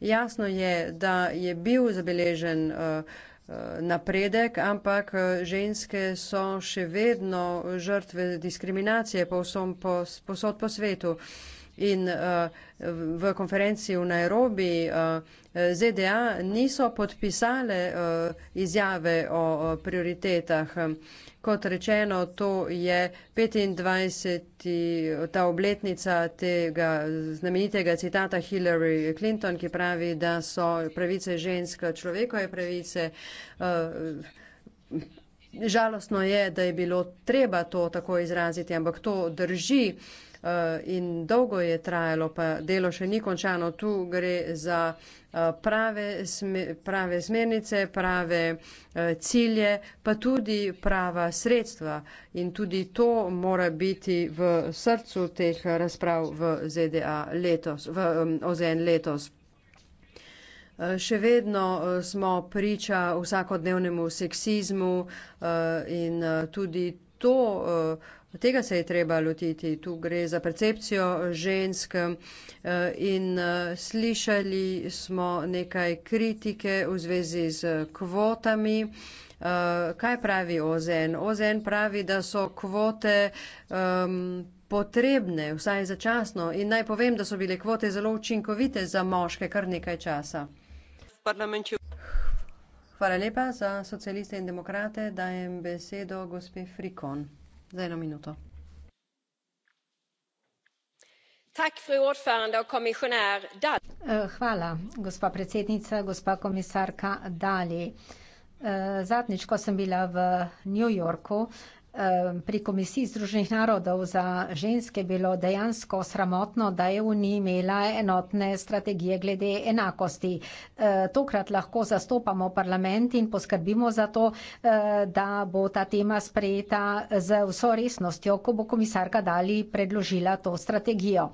Jasno je, da je bil zabeležen eh, eh, napredek, ampak eh, ženske so še vedno žrtve diskriminacije povsod po svetu in uh, v konferenciji v Nairobi uh, eh, ZDA niso podpisale uh, izjave o, o prioritetah. Kot rečeno, to je 25. ta obletnica tega znamenitega citata Hillary Clinton, ki pravi, da so pravice ženske človekove pravice. Žalostno je, da je bilo treba to tako izraziti, ampak to drži. Eh, in dolgo je trajalo, pa delo še ni končano. Tu gre za eh, prave, sme, prave smernice, prave eh, cilje, pa tudi prava sredstva. In tudi to mora biti v srcu teh razprav v ZDA letos, v OZN letos. Še vedno smo priča vsakodnevnemu seksizmu in tudi to Tega se je treba lotiti. Tu gre za percepcijo žensk eh, in eh, slišali smo nekaj kritike v zvezi z kvotami. Eh, kaj pravi OZN? OZN pravi, da so kvote um, potrebne, vsaj začasno. In naj povem, da so bile kvote zelo učinkovite za moške kar nekaj časa. Hvala lepa za socialiste in demokrate. Dajem besedo gospe Frikon. Eh, gospa predsednica gospa komisarka dalli eh, zadnjič ko sem bila v new yorku sem opazila kako zelo pomembno je da imamo pri Komisiji Združenih narodov za ženske bilo dejansko sramotno, da je v njih imela enotne strategije glede enakosti. Tokrat lahko zastopamo parlament in poskrbimo za to, da bo ta tema sprejeta z vso resnostjo, ko bo komisarka Dali predložila to strategijo.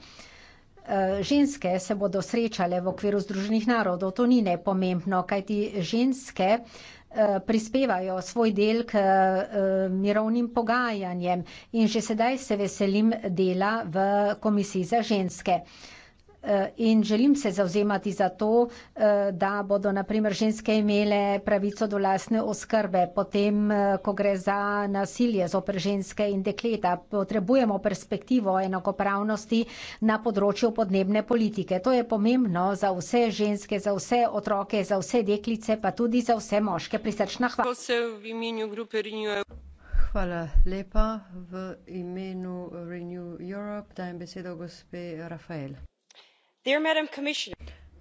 Ženske se bodo srečale v okviru Združenih narodov, to ni nepomembno, kajti ženske Eh, prispevajo svoj del k eh, mirovnim pogajanjem in že sedaj se veselim dela v komisiji za ženske. Eh, in želim se zavzemati za to, eh, da bodo naprimer ženske imele pravico do lastne oskrbe, potem, eh, ko gre za nasilje zoper ženske in dekleta. Potrebujemo perspektivo enakopravnosti na področju podnebne politike. To je pomembno za vse ženske, za vse otroke, za vse deklice, pa tudi za vse moške. Prisrčna hvala. Hvala lepa. V imenu Renew Europe dajem besedo gospe Rafael.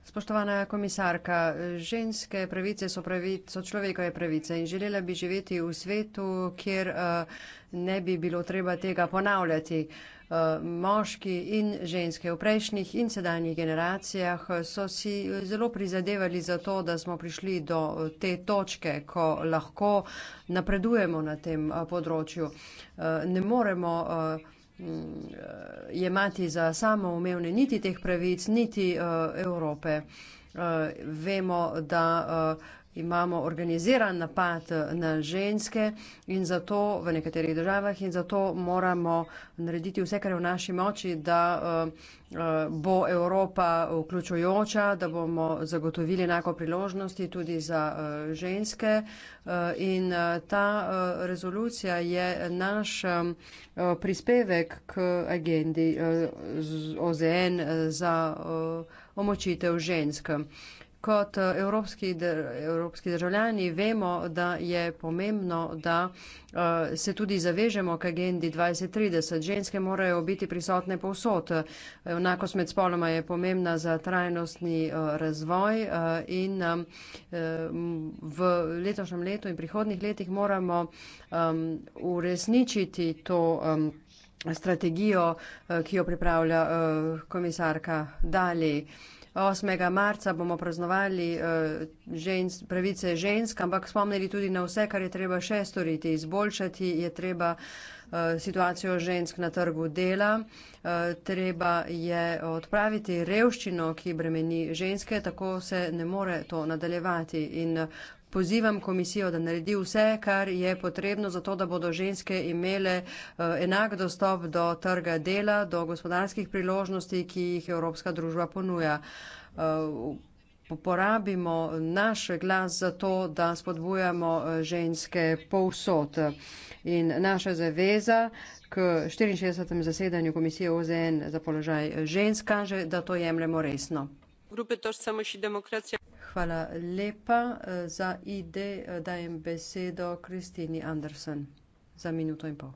Spoštovana komisarka, ženske pravice so pravice, so človekove pravice in želela bi živeti v svetu, kjer eh, ne bi bilo treba tega ponavljati. Eh, moški in ženske v prejšnjih in sedanjih generacijah so si zelo prizadevali za to, da smo prišli do te točke, ko lahko napredujemo na tem eh, področju. Ne moremo Eh, jemati za samoumevne niti teh pravic, niti uh, Evrope. Uh, vemo, da uh, imamo organiziran napad eh, na ženske in zato v nekaterih državah in zato moramo narediti vse, kar je v naši moči, da eh, eh, bo Evropa vključujoča, da bomo zagotovili enako priložnosti tudi za ženske. In ta rezolucija je naš prispevek k agendi OZN za omočitev ženskem kot eh, evropski, evropski državljani vemo, da je pomembno, da eh, se tudi zavežemo k agendi 2030. Ženske morajo biti prisotne povsod. Enakost med spoloma je pomembna za trajnostni eh, razvoj in v letošnjem letu in prihodnih letih moramo uresničiti to strategijo, ki jo pripravlja komisarka Dali. 8. marca bomo praznovali uh, eh, žens, pravice žensk, ampak spomnili tudi na vse, kar je treba še storiti. Izboljšati je treba uh, situacijo žensk na trgu dela, uh, treba je odpraviti revščino, ki bremeni ženske, tako se ne more to nadaljevati. In, uh, Pozivam komisijo, da naredi vse, kar je potrebno, zato da bodo ženske imele eh, enak dostop do trga dela, do gospodarskih priložnosti, ki jih Evropska družba ponuja. Eh, Porabimo naš glas za to, da spodbujamo eh, ženske povsod. In naša zaveza k 64. zasedanju Komisije OZN za položaj žensk kaže, da to jemljemo resno grupe Tošsamoš in demokracija. Hvala lepa za ide, dajem besedo Kristini Andersen za minuto in pol.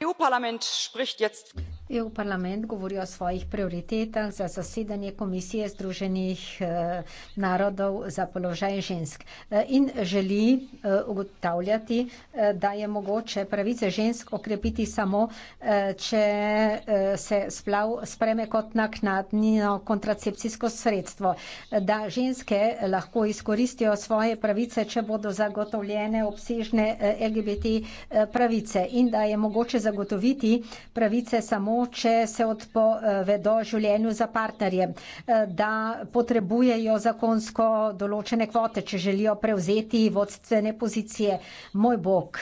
EU parlament spricht jetzt. Je v parlament govoril o svojih prioritetah za zasedanje Komisije Združenih eh, narodov za položaj žensk eh, in želi eh, ugotavljati, da je mogoče pravice žensk okrepiti samo, če se splav spreme kot naknadnino kontracepcijsko sredstvo, da ženske lahko izkoristijo svoje pravice, če bodo zagotovljene obsežne LGBT pravice in da je mogoče zagotoviti pravice samo, mogoče se odpovedo življenju za partnerje, eh, da potrebujejo zakonsko določene kvote, če želijo prevzeti vodstvene pozicije. Moj bog,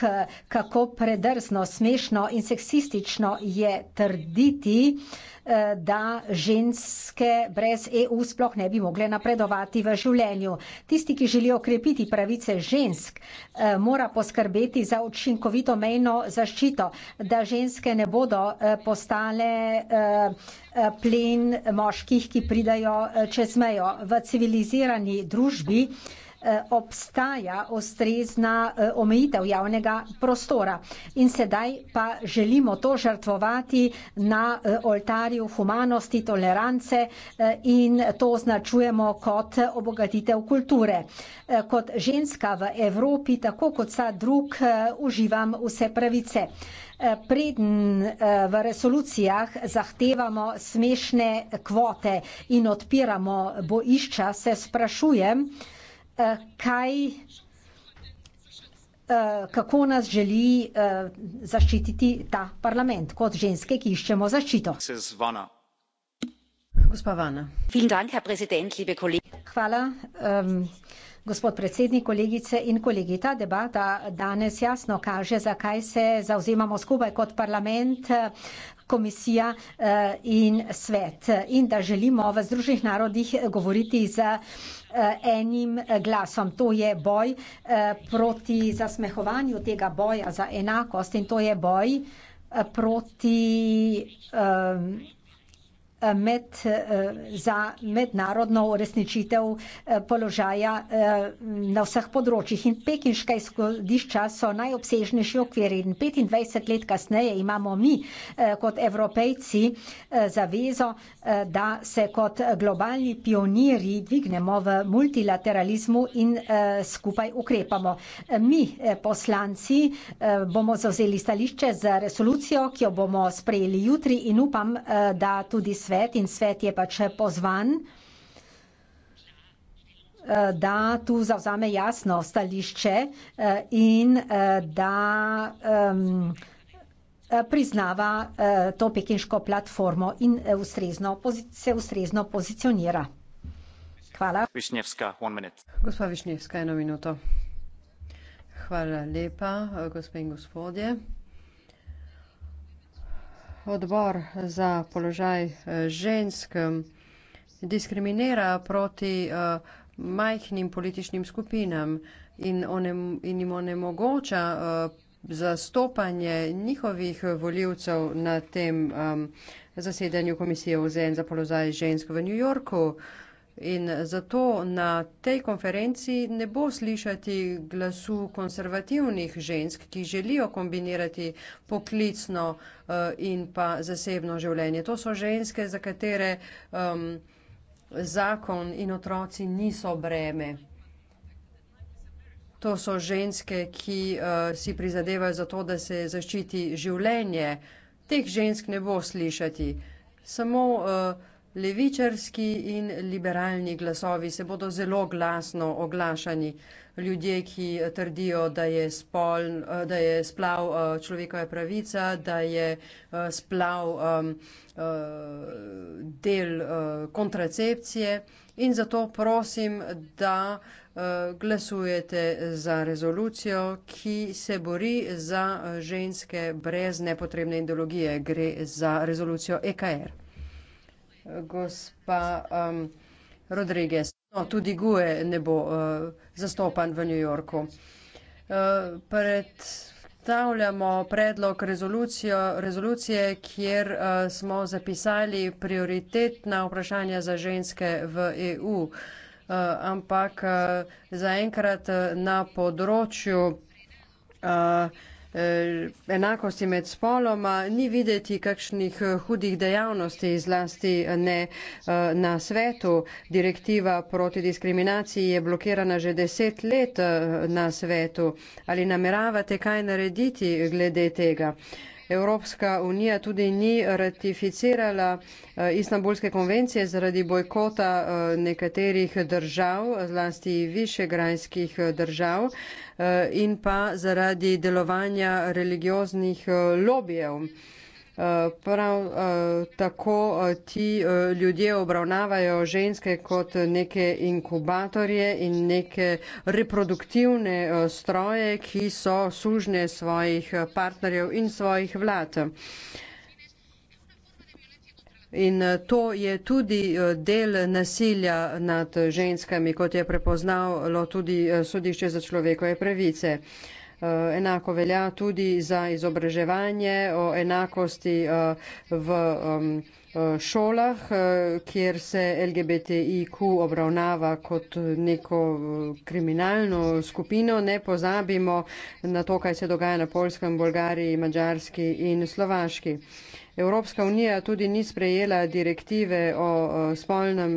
kako predrzno, smešno in seksistično je trditi, eh, da ženske brez EU sploh ne bi mogle napredovati v življenju. Tisti, ki želijo okrepiti pravice žensk, eh, mora poskrbeti za učinkovito mejno zaščito, da ženske ne bodo postavljene dale eh, eh, plen moških, ki pridajo eh, čez mejo. V civilizirani družbi Eh, obstaja ustrezna eh, omejitev javnega prostora. In sedaj pa želimo to žrtvovati na eh, oltarju humanosti, tolerance in to označujemo kot obogatitev kulture. Kot ženska v Evropi, tako kot vsa drug, uživam vse pravice. Preden v resolucijah zahtevamo smešne kvote in odpiramo boišča, se sprašujem, Eh, kaj, eh, kako nas želi eh, zaščititi ta parlament kot ženske, ki iščemo zaščito. Gospa Vana. Hvala, ehm, gospod predsednik, kolegice in kolegi. Ta debata danes jasno kaže, zakaj se zauzemamo skupaj kot parlament, komisija in svet in da želimo v Združenih narodih govoriti za Eh, enim eh, glasom. To je boj eh, proti zasmehovanju tega boja za enakost in to je boj proti. Um, med, eh, za mednarodno uresničitev eh, položaja eh, na vseh področjih. In pekinška izhodišča so najobsežnejši okvir in 25 let kasneje imamo mi kot evropejci zavezo, da se kot globalni pionirji dvignemo v multilateralizmu in skupaj ukrepamo. Mi, poslanci, bomo zavzeli stališče z resolucijo, ki jo bomo sprejeli jutri in upam, da tudi s svet in svet je pač pozvan, eh, da tu zavzame jasno stališče eh, in eh, da priznava to pekinško platformo in ustrezno, se ustrezno pozicionira. Hvala. Gospa Višnjevska, eno minuto. Hvala lepa, gospe in gospodje odbor za položaj eh, žensk eh, diskriminira proti eh, majhnim političnim skupinam in jim onemogoča zastopanje njihovih voljivcev na tem zasedanju komisije OZN za položaj žensk v New Yorku. In zato na tej konferenci ne bo slišati glasu konservativnih žensk, ki želijo kombinirati poklicno eh, in pa zasebno življenje. To so ženske, za katere um, zakon in otroci niso breme. To so ženske, ki uh, si prizadevajo za to, da se zaščiti življenje. Teh žensk ne bo slišati. Samo uh, Levičarski in liberalni glasovi se bodo zelo glasno oglašani. Ljudje, ki trdijo, da je, spol, da je splav eh, človekove pravica, da je eh, splav um, del kontracepcije. In zato prosim, da glasujete za rezolucijo, ki se bori za ženske brez nepotrebne ideologije. Gre za rezolucijo EKR gospa um, Rodriguez. No, tudi Gue ne bo uh, zastopan v New Yorku. Uh, predstavljamo predlog rezolucije, kjer uh, smo zapisali prioritetna vprašanja za ženske v EU, uh, ampak uh, zaenkrat uh, na področju uh, Eh, enakosti med spoloma, ni videti kakšnih eh, hudih dejavnosti, zlasti eh, ne na svetu. Direktiva proti diskriminaciji je blokirana že deset let na svetu. Ali nameravate kaj narediti glede tega? Evropska unija tudi ni ratificirala eh, Istanbulske konvencije zaradi bojkota eh, nekaterih držav, zlasti višegrajskih eh, držav in pa zaradi delovanja religioznih lobijev prav eh, tako eh, ti eh, ljudje obravnavajo ženske kot neke inkubatorje in neke reproduktivne stroje, ki so sužne svojih partnerjev in svojih vlad. In to je tudi del nasilja nad ženskami, kot je prepoznalo tudi sodišče za človekove pravice. Eh, enako velja tudi za izobraževanje o enakosti eh, v eh, šolah, kjer se LGBTIQ obravnava kot neko kriminalno skupino. Ne pozabimo na to, kaj se dogaja na Polskem, Bolgariji, Mačarski in Slovaški. Evropska unija tudi ni sprejela direktive o spolnem